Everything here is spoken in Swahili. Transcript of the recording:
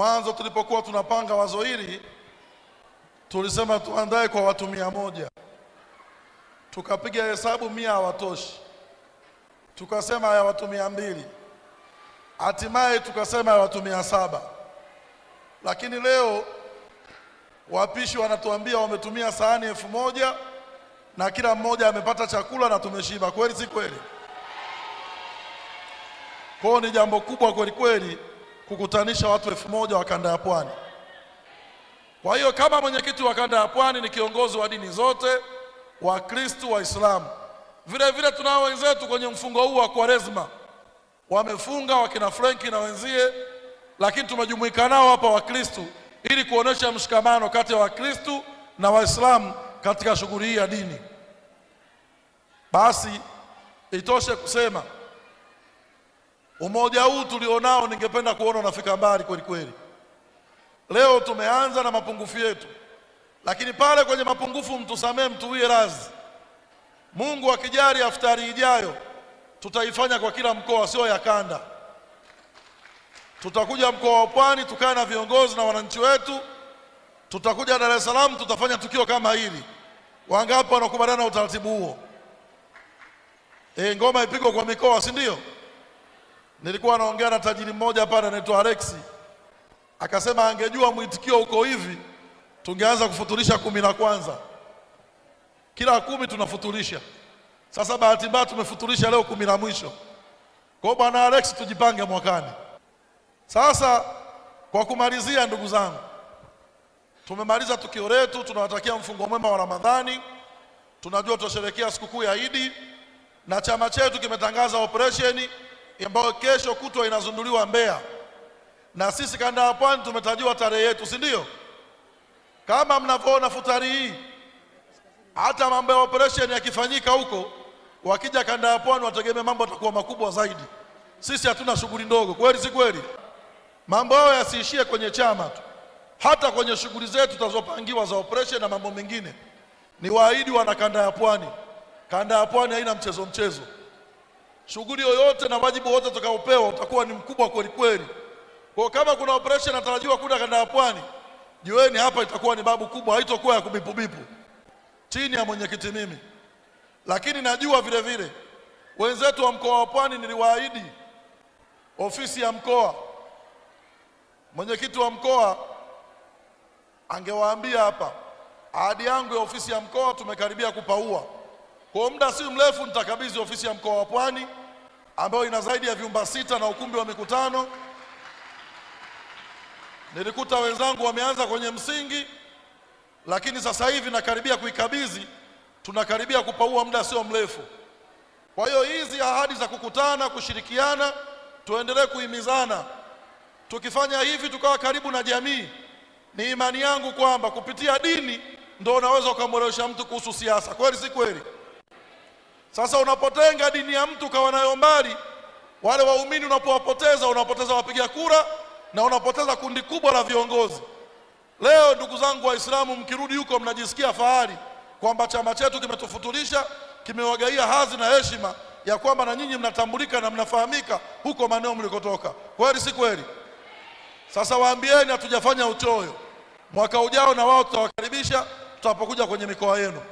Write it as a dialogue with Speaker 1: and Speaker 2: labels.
Speaker 1: Mwanzo tulipokuwa tunapanga wazo hili tulisema tuandae kwa watu mia moja. Tukapiga hesabu mia hawatoshi, tukasema ya watu mia mbili, hatimaye tukasema ya watu mia saba. Lakini leo wapishi wanatuambia wametumia sahani elfu moja na kila mmoja amepata chakula na tumeshiba. Kweli si kweli? Kwao ni jambo kubwa kweli kweli kukutanisha watu elfu moja wa kanda ya Pwani. Kwa hiyo kama mwenyekiti wa kanda ya Pwani ni kiongozi wa dini zote, Wakristu, Waislamu. Vile vile tunao wenzetu kwenye mfungo huu wa Kwaresma, wamefunga wakina Frenki na wenzie, lakini tumejumuika nao hapa Wakristu ili kuonesha mshikamano kati ya Wakristu na Waislamu katika shughuli hii ya dini. Basi itoshe kusema Umoja huu tulionao ningependa kuona unafika mbali kweli kweli. Leo tumeanza na mapungufu yetu, lakini pale kwenye mapungufu mtusamee, mtuwie razi Mungu akijali, aftari ijayo tutaifanya kwa kila mkoa, sio ya kanda. Tutakuja mkoa wa Pwani tukae na viongozi na wananchi wetu, tutakuja Dar es Salaam tutafanya tukio kama hili. Wangapi wanakubaliana na utaratibu huo? E, ngoma ipigwe kwa mikoa, si ndio? Nilikuwa naongea na tajiri mmoja hapa anaitwa Alexi, akasema angejua mwitikio uko hivi, tungeanza kufutulisha kumi na kwanza, kila kumi tunafutulisha Sasa bahati mbaya tumefutulisha leo kumi na mwisho. Kwa bwana alex tujipange mwakani. Sasa kwa kumalizia, ndugu zangu, tumemaliza tukio letu. Tunawatakia mfungo mwema wa Ramadhani. Tunajua tutasherehekea sikukuu ya Idi na chama chetu kimetangaza operesheni ambayo kesho kutwa inazunduliwa Mbeya, na sisi kanda ya Pwani tumetajiwa tarehe yetu, si ndio? Kama mnavyoona futari hii, hata mambo ya operation yakifanyika huko, wakija kanda ya Pwani wategemea mambo yatakuwa makubwa zaidi. Sisi hatuna shughuli ndogo, kweli si kweli? Mambo hayo yasiishie kwenye chama tu, hata kwenye shughuli zetu tutazopangiwa za operation na mambo mengine. Ni waahidi wana kanda ya Pwani, kanda ya Pwani haina mchezo mchezo shughuli yoyote na wajibu wote utakaopewa utakuwa ni mkubwa kweli kweli. Kwa kama kuna operation natarajiwa kuda kanda ya Pwani, jueni hapa itakuwa ni babu kubwa, haitokuwa ya kubipubipu chini ya mwenyekiti mimi. Lakini najua vile vile wenzetu wa mkoa wa Pwani niliwaahidi ofisi ya mkoa, mwenyekiti wa mkoa angewaambia hapa, ahadi yangu ya ofisi ya mkoa tumekaribia kupaua kwa muda si mrefu nitakabidhi ofisi ya mkoa wa Pwani ambayo ina zaidi ya vyumba sita na ukumbi wa mikutano. Nilikuta wenzangu wameanza kwenye msingi, lakini sasa hivi nakaribia kuikabidhi, tunakaribia kupaua muda sio mrefu. Kwa hiyo hizi ahadi za kukutana, kushirikiana, tuendelee kuhimizana. Tukifanya hivi, tukawa karibu na jamii, ni imani yangu kwamba kupitia dini ndio unaweza ukamwelewesha mtu kuhusu siasa. Kweli si kweli? Sasa unapotenga dini ya mtu ukawa nayo mbali, wale waumini unapowapoteza, unapoteza wapiga kura na unapoteza kundi kubwa la viongozi. Leo ndugu zangu Waislamu, mkirudi huko mnajisikia fahari kwamba chama chetu kimetufutulisha, kimewagaia hadhi na heshima ya kwamba na nyinyi mnatambulika na mnafahamika huko maeneo mlikotoka. Kweli si kweli? Sasa waambieni, hatujafanya uchoyo. Mwaka ujao na wao tutawakaribisha tutapokuja kwenye mikoa yenu.